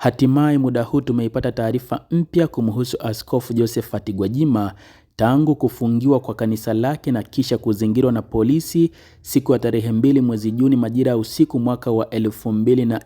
Hatimaye muda huu tumeipata taarifa mpya kumhusu Askofu Josephat Gwajima tangu kufungiwa kwa kanisa lake na kisha kuzingirwa na polisi siku ya tarehe mbili mwezi Juni majira ya usiku mwaka wa elfu na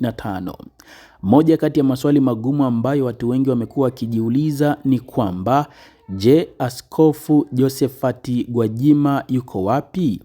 na tano. Moja kati ya maswali magumu ambayo watu wengi wamekuwa wakijiuliza ni kwamba je, Askofu Josephat Gwajima yuko wapi?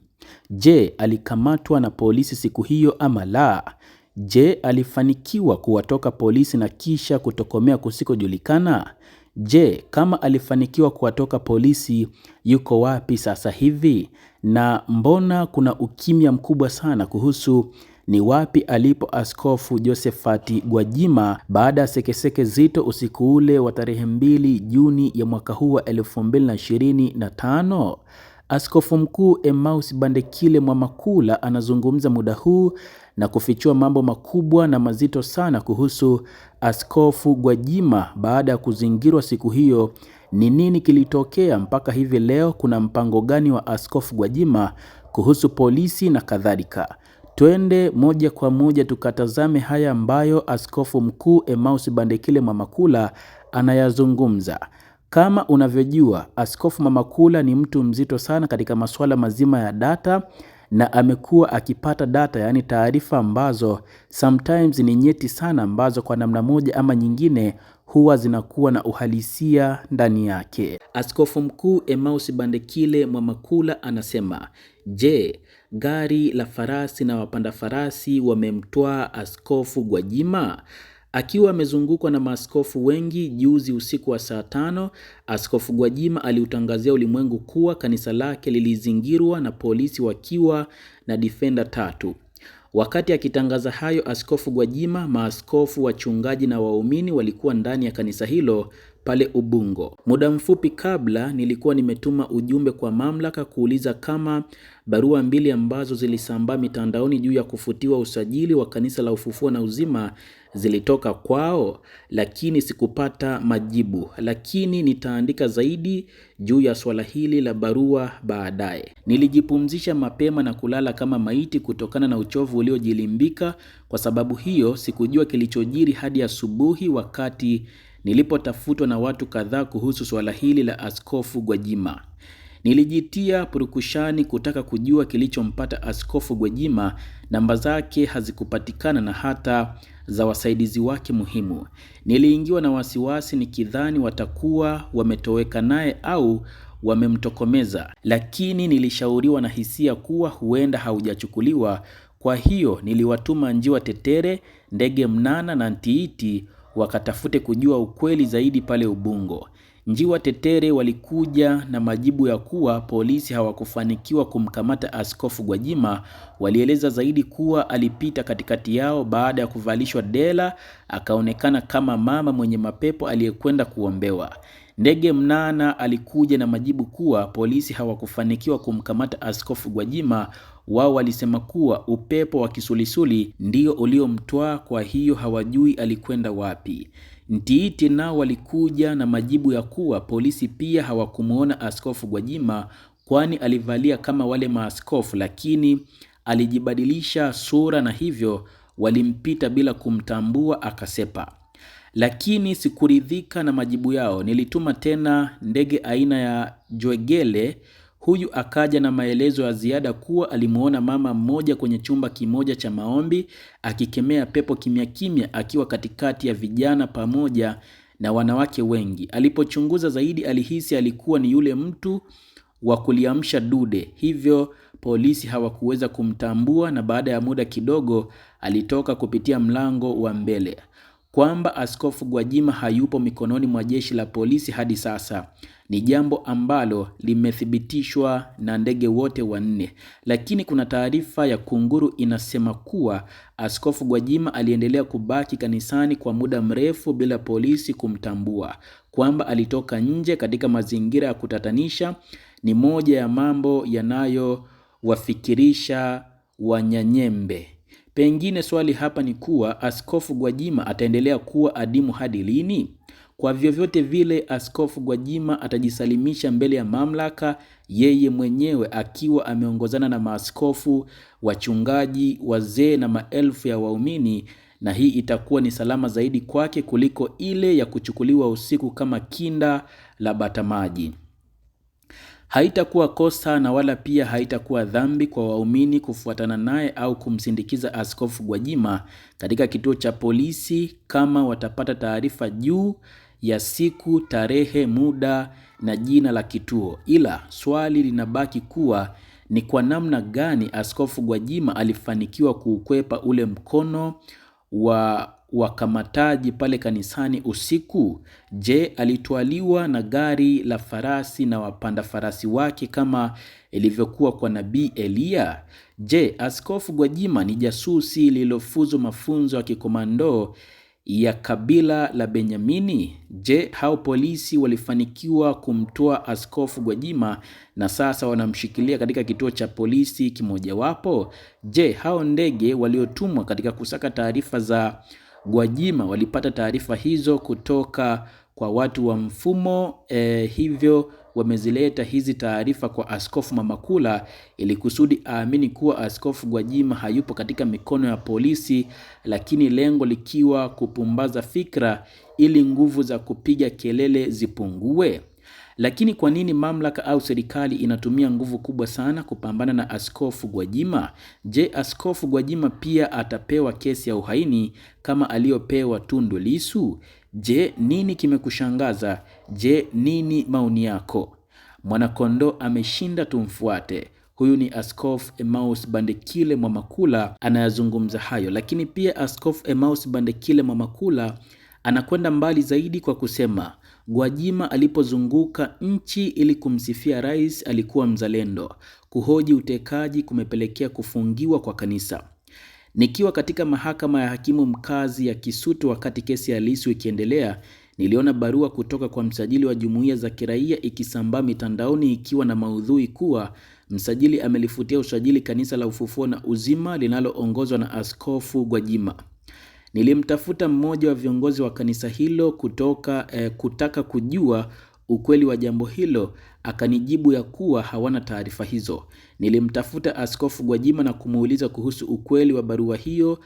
Je, alikamatwa na polisi siku hiyo ama la? Je, alifanikiwa kuwatoka polisi na kisha kutokomea kusikojulikana? Je, kama alifanikiwa kuwatoka polisi, yuko wapi sasa hivi? Na mbona kuna ukimya mkubwa sana kuhusu ni wapi alipo Askofu Josephat Gwajima baada ya sekeseke zito usiku ule wa tarehe mbili Juni ya mwaka huu wa 2025? Askofu Mkuu Emmaus Bandekile Mwamakula anazungumza muda huu na kufichua mambo makubwa na mazito sana kuhusu Askofu Gwajima baada ya kuzingirwa siku hiyo. Ni nini kilitokea mpaka hivi leo? Kuna mpango gani wa Askofu Gwajima kuhusu polisi na kadhalika? Twende moja kwa moja tukatazame haya ambayo Askofu Mkuu Emmaus Bandekile Mwamakula anayazungumza. Kama unavyojua, Askofu Mamakula ni mtu mzito sana katika masuala mazima ya data na amekuwa akipata data, yaani taarifa ambazo sometimes ni nyeti sana, ambazo kwa namna moja ama nyingine huwa zinakuwa na uhalisia ndani yake. Askofu Mkuu Emmaus Bandekile Mwamakula anasema, je, gari la farasi na wapanda farasi wamemtwaa Askofu Gwajima? Akiwa amezungukwa na maaskofu wengi, juzi usiku wa saa tano, Askofu Gwajima aliutangazia ulimwengu kuwa kanisa lake lilizingirwa na polisi wakiwa na difenda tatu. Wakati akitangaza hayo Askofu Gwajima, maaskofu, wachungaji na waumini walikuwa ndani ya kanisa hilo pale Ubungo. Muda mfupi kabla nilikuwa nimetuma ujumbe kwa mamlaka kuuliza kama barua mbili ambazo zilisambaa mitandaoni juu ya kufutiwa usajili wa Kanisa la Ufufuo na Uzima zilitoka kwao, lakini sikupata majibu. Lakini nitaandika zaidi juu ya swala hili la barua baadaye. Nilijipumzisha mapema na kulala kama maiti kutokana na uchovu uliojilimbika. Kwa sababu hiyo sikujua kilichojiri hadi asubuhi wakati nilipotafutwa na watu kadhaa kuhusu suala hili la Askofu Gwajima. Nilijitia purukushani kutaka kujua kilichompata Askofu Gwajima. Namba zake hazikupatikana na hata za wasaidizi wake muhimu. Niliingiwa na wasiwasi nikidhani watakuwa wametoweka naye au wamemtokomeza, lakini nilishauriwa na hisia kuwa huenda haujachukuliwa. Kwa hiyo niliwatuma njiwa tetere, ndege mnana na ntiiti wakatafute kujua ukweli zaidi pale Ubungo. Njiwa Tetere walikuja na majibu ya kuwa polisi hawakufanikiwa kumkamata Askofu Gwajima. Walieleza zaidi kuwa alipita katikati yao baada ya kuvalishwa dela, akaonekana kama mama mwenye mapepo aliyekwenda kuombewa. Ndege Mnana alikuja na majibu kuwa polisi hawakufanikiwa kumkamata Askofu Gwajima. Wao walisema kuwa upepo wa kisulisuli ndio uliomtwaa, kwa hiyo hawajui alikwenda wapi. Ntiiti nao walikuja na majibu ya kuwa polisi pia hawakumwona Askofu Gwajima, kwani alivalia kama wale maaskofu, lakini alijibadilisha sura na hivyo walimpita bila kumtambua, akasepa lakini sikuridhika na majibu yao. Nilituma tena ndege aina ya Jwegele. Huyu akaja na maelezo ya ziada kuwa alimuona mama mmoja kwenye chumba kimoja cha maombi akikemea pepo kimya kimya, akiwa katikati ya vijana pamoja na wanawake wengi. Alipochunguza zaidi, alihisi alikuwa ni yule mtu wa kuliamsha dude, hivyo polisi hawakuweza kumtambua, na baada ya muda kidogo alitoka kupitia mlango wa mbele kwamba Askofu Gwajima hayupo mikononi mwa jeshi la polisi hadi sasa ni jambo ambalo limethibitishwa na ndege wote wanne, lakini kuna taarifa ya Kunguru inasema kuwa Askofu Gwajima aliendelea kubaki kanisani kwa muda mrefu bila polisi kumtambua, kwamba alitoka nje katika mazingira ya kutatanisha. Ni moja ya mambo yanayowafikirisha Wanyanyembe. Pengine swali hapa ni kuwa Askofu Gwajima ataendelea kuwa adimu hadi lini? Kwa vyovyote vile, Askofu Gwajima atajisalimisha mbele ya mamlaka, yeye mwenyewe akiwa ameongozana na maaskofu, wachungaji, wazee na maelfu ya waumini, na hii itakuwa ni salama zaidi kwake kuliko ile ya kuchukuliwa usiku kama kinda la bata maji. Haitakuwa kosa na wala pia haitakuwa dhambi kwa waumini kufuatana naye au kumsindikiza Askofu Gwajima katika kituo cha polisi kama watapata taarifa juu ya siku, tarehe, muda na jina la kituo. Ila swali linabaki kuwa ni kwa namna gani Askofu Gwajima alifanikiwa kuukwepa ule mkono wa wakamataji pale kanisani usiku? Je, alitwaliwa na gari la farasi na wapanda farasi wake kama ilivyokuwa kwa nabii Eliya? Je, Askofu Gwajima ni jasusi lililofuzwa mafunzo ya kikomando ya kabila la Benyamini? Je, hao polisi walifanikiwa kumtoa Askofu Gwajima na sasa wanamshikilia katika kituo cha polisi kimojawapo? Je, hao ndege waliotumwa katika kusaka taarifa za Gwajima walipata taarifa hizo kutoka kwa watu wa mfumo e, hivyo wamezileta hizi taarifa kwa Askofu Mamakula ili kusudi aamini kuwa Askofu Gwajima hayupo katika mikono ya polisi, lakini lengo likiwa kupumbaza fikra ili nguvu za kupiga kelele zipungue. Lakini kwa nini mamlaka au serikali inatumia nguvu kubwa sana kupambana na Askofu Gwajima? Je, Askofu Gwajima pia atapewa kesi ya uhaini kama aliyopewa Tundu Lisu? Je, nini kimekushangaza? Je, nini maoni yako? Mwanakondoo ameshinda, tumfuate. Huyu ni Askofu Emmaus Bandekile Mwamakula anayazungumza hayo, lakini pia Askofu Emmaus Bandekile Mwamakula anakwenda mbali zaidi kwa kusema Gwajima alipozunguka nchi ili kumsifia rais alikuwa mzalendo. Kuhoji utekaji kumepelekea kufungiwa kwa kanisa. Nikiwa katika mahakama ya hakimu mkazi ya Kisutu wakati kesi ya Lissu ikiendelea, niliona barua kutoka kwa msajili wa jumuiya za kiraia ikisambaa mitandaoni ikiwa na maudhui kuwa msajili amelifutia usajili kanisa la Ufufuo na Uzima linaloongozwa na Askofu Gwajima. Nilimtafuta mmoja wa viongozi wa kanisa hilo kutoka eh, kutaka kujua ukweli wa jambo hilo, akanijibu ya kuwa hawana taarifa hizo. Nilimtafuta Askofu Gwajima na kumuuliza kuhusu ukweli wa barua hiyo.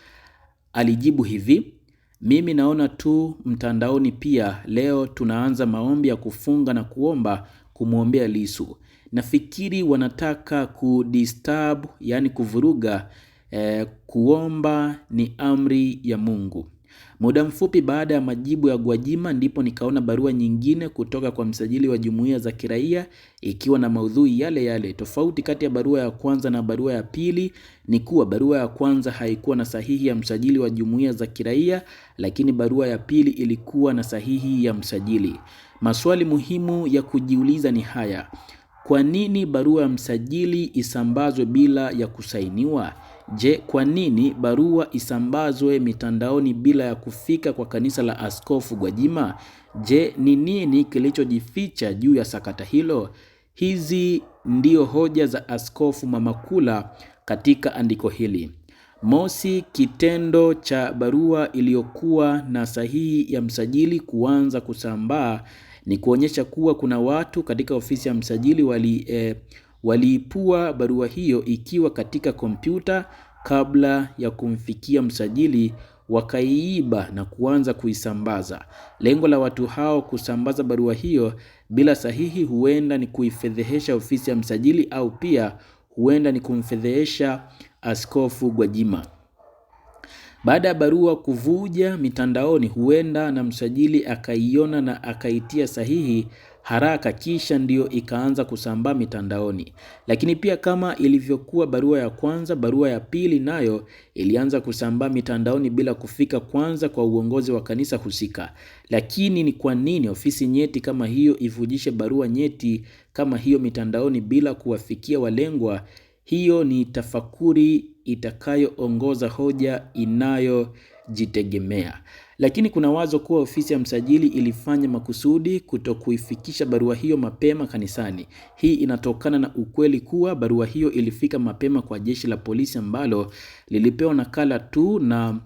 Alijibu hivi: mimi naona tu mtandaoni. Pia leo tunaanza maombi ya kufunga na kuomba kumwombea lisu Nafikiri wanataka kudisturb, yani kuvuruga E, kuomba ni amri ya Mungu. Muda mfupi baada ya majibu ya Gwajima ndipo nikaona barua nyingine kutoka kwa msajili wa jumuiya za kiraia ikiwa na maudhui yale yale. Tofauti kati ya barua ya kwanza na barua ya pili ni kuwa barua ya kwanza haikuwa na sahihi ya msajili wa jumuiya za kiraia, lakini barua ya pili ilikuwa na sahihi ya msajili. Maswali muhimu ya kujiuliza ni haya: kwa nini barua ya msajili isambazwe bila ya kusainiwa? Je, kwa nini barua isambazwe mitandaoni bila ya kufika kwa kanisa la Askofu Gwajima? Je, ni nini kilichojificha juu ya sakata hilo? Hizi ndio hoja za Askofu Mamakula katika andiko hili. Mosi, kitendo cha barua iliyokuwa na sahihi ya msajili kuanza kusambaa ni kuonyesha kuwa kuna watu katika ofisi ya msajili wali eh, waliipua barua hiyo ikiwa katika kompyuta kabla ya kumfikia msajili wakaiiba na kuanza kuisambaza. Lengo la watu hao kusambaza barua hiyo bila sahihi huenda ni kuifedhehesha ofisi ya msajili au pia huenda ni kumfedhehesha Askofu Gwajima. Baada ya barua kuvuja mitandaoni, huenda na msajili akaiona na akaitia sahihi haraka, kisha ndiyo ikaanza kusambaa mitandaoni. Lakini pia kama ilivyokuwa barua ya kwanza, barua ya pili nayo ilianza kusambaa mitandaoni bila kufika kwanza kwa uongozi wa kanisa husika. Lakini ni kwa nini ofisi nyeti kama hiyo ivujishe barua nyeti kama hiyo mitandaoni bila kuwafikia walengwa? Hiyo ni tafakuri itakayoongoza hoja inayo kujitegemea. Lakini kuna wazo kuwa ofisi ya msajili ilifanya makusudi kutokuifikisha barua hiyo mapema kanisani. Hii inatokana na ukweli kuwa barua hiyo ilifika mapema kwa jeshi la polisi ambalo lilipewa nakala tu na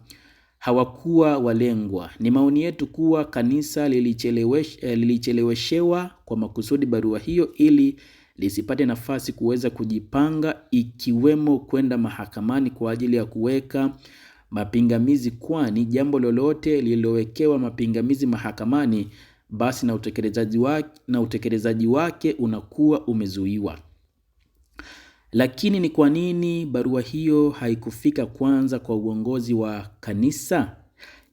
hawakuwa walengwa. Ni maoni yetu kuwa kanisa lilicheleweshe, eh, lilicheleweshewa kwa makusudi barua hiyo ili lisipate nafasi kuweza kujipanga ikiwemo kwenda mahakamani kwa ajili ya kuweka mapingamizi kwani jambo lolote lililowekewa mapingamizi mahakamani basi na utekelezaji wake, na utekelezaji wake unakuwa umezuiwa. Lakini ni kwa nini barua hiyo haikufika kwanza kwa uongozi wa kanisa?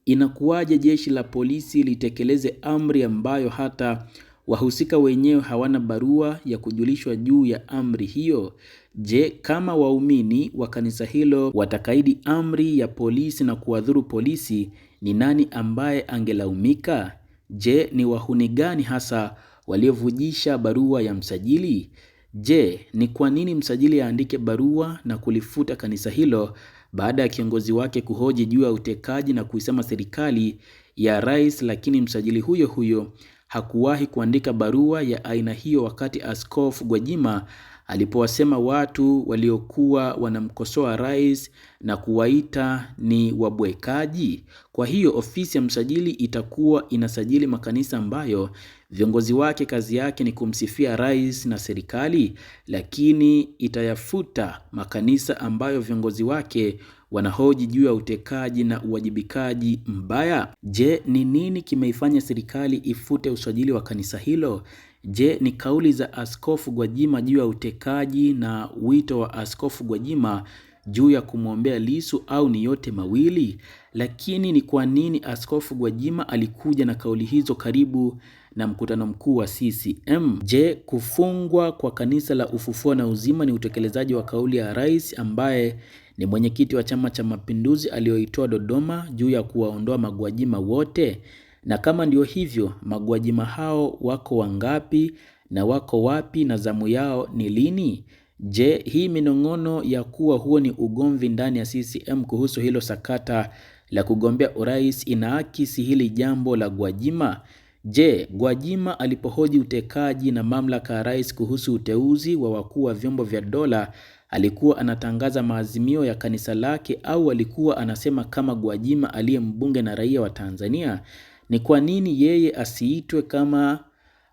Inakuwaje jeshi la polisi litekeleze amri ambayo hata Wahusika wenyewe hawana barua ya kujulishwa juu ya amri hiyo. Je, kama waumini wa kanisa hilo watakaidi amri ya polisi na kuwadhuru polisi, ni nani ambaye angelaumika? Je, ni wahuni gani hasa waliovujisha barua ya msajili? Je, ni kwa nini msajili aandike barua na kulifuta kanisa hilo baada ya kiongozi wake kuhoji juu ya utekaji na kuisema serikali ya rais, lakini msajili huyo huyo hakuwahi kuandika barua ya aina hiyo wakati Askofu Gwajima alipowasema watu waliokuwa wanamkosoa rais na kuwaita ni wabwekaji. Kwa hiyo ofisi ya msajili itakuwa inasajili makanisa ambayo viongozi wake kazi yake ni kumsifia rais na serikali, lakini itayafuta makanisa ambayo viongozi wake wanahoji juu ya utekaji na uwajibikaji mbaya. Je, ni nini kimeifanya serikali ifute usajili wa kanisa hilo? Je, ni kauli za Askofu Gwajima juu ya utekaji na wito wa Askofu Gwajima juu ya kumwombea lisu au ni yote mawili? Lakini ni kwa nini Askofu Gwajima alikuja na kauli hizo karibu na mkutano mkuu wa CCM? Je, kufungwa kwa kanisa la Ufufuo na Uzima ni utekelezaji wa kauli ya rais ambaye ni mwenyekiti wa Chama cha Mapinduzi aliyoitoa Dodoma juu ya kuwaondoa magwajima wote? Na kama ndio hivyo, magwajima hao wako wangapi na wako wapi na zamu yao ni lini? Je, hii minong'ono ya kuwa huo ni ugomvi ndani ya CCM kuhusu hilo sakata la kugombea urais inaakisi hili jambo la Gwajima? Je, Gwajima alipohoji utekaji na mamlaka ya rais kuhusu uteuzi wa wakuu wa vyombo vya dola alikuwa anatangaza maazimio ya kanisa lake au alikuwa anasema kama Gwajima aliye mbunge na raia wa Tanzania? Ni kwa nini yeye asiitwe kama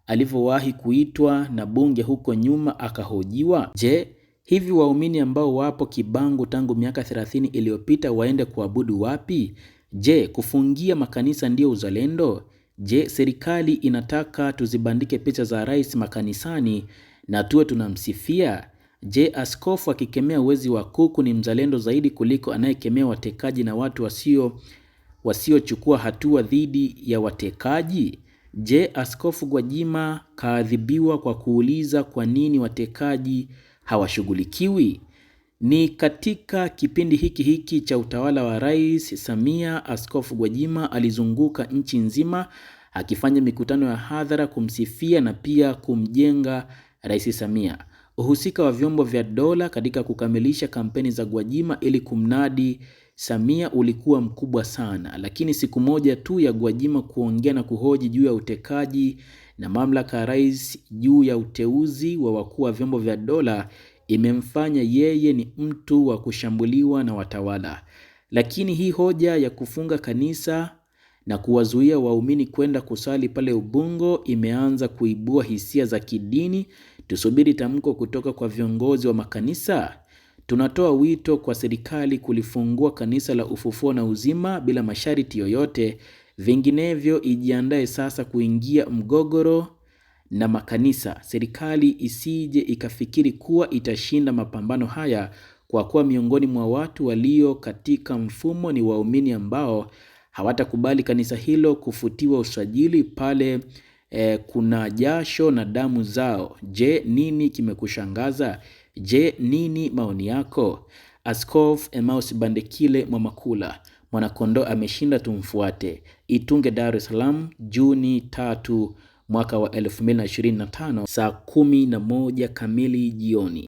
alivyowahi kuitwa na bunge huko nyuma akahojiwa? Je, hivi waumini ambao wapo Kibangu tangu miaka 30 iliyopita waende kuabudu wapi? Je, kufungia makanisa ndiyo uzalendo? Je, serikali inataka tuzibandike picha za rais makanisani na tuwe tunamsifia? Je, askofu akikemea wezi wa kuku ni mzalendo zaidi kuliko anayekemea watekaji na watu wasio wasiochukua hatua dhidi ya watekaji? Je, askofu Gwajima kaadhibiwa kwa kuuliza kwa nini watekaji hawashughulikiwi? Ni katika kipindi hiki hiki cha utawala wa Rais Samia, Askofu Gwajima alizunguka nchi nzima akifanya mikutano ya hadhara kumsifia na pia kumjenga Rais Samia uhusika wa vyombo vya dola katika kukamilisha kampeni za Gwajima ili kumnadi Samia ulikuwa mkubwa sana, lakini siku moja tu ya Gwajima kuongea na kuhoji juu ya utekaji na mamlaka ya rais juu ya uteuzi wa wakuu wa vyombo vya dola imemfanya yeye ni mtu wa kushambuliwa na watawala. Lakini hii hoja ya kufunga kanisa na kuwazuia waumini kwenda kusali pale Ubungo imeanza kuibua hisia za kidini Tusubiri tamko kutoka kwa viongozi wa makanisa? Tunatoa wito kwa serikali kulifungua kanisa la Ufufuo na Uzima bila masharti yoyote, vinginevyo ijiandae sasa kuingia mgogoro na makanisa. Serikali isije ikafikiri kuwa itashinda mapambano haya, kwa kuwa miongoni mwa watu walio katika mfumo ni waumini ambao hawatakubali kanisa hilo kufutiwa usajili pale e, kuna jasho na damu zao. Je, nini kimekushangaza? Je, nini maoni yako? Askofu Emaus Bandekile Mwamakula, mwanakondo ameshinda, tumfuate. Itunge, Dar es Salaam, Juni tatu mwaka wa 2025 saa kumi na moja kamili jioni.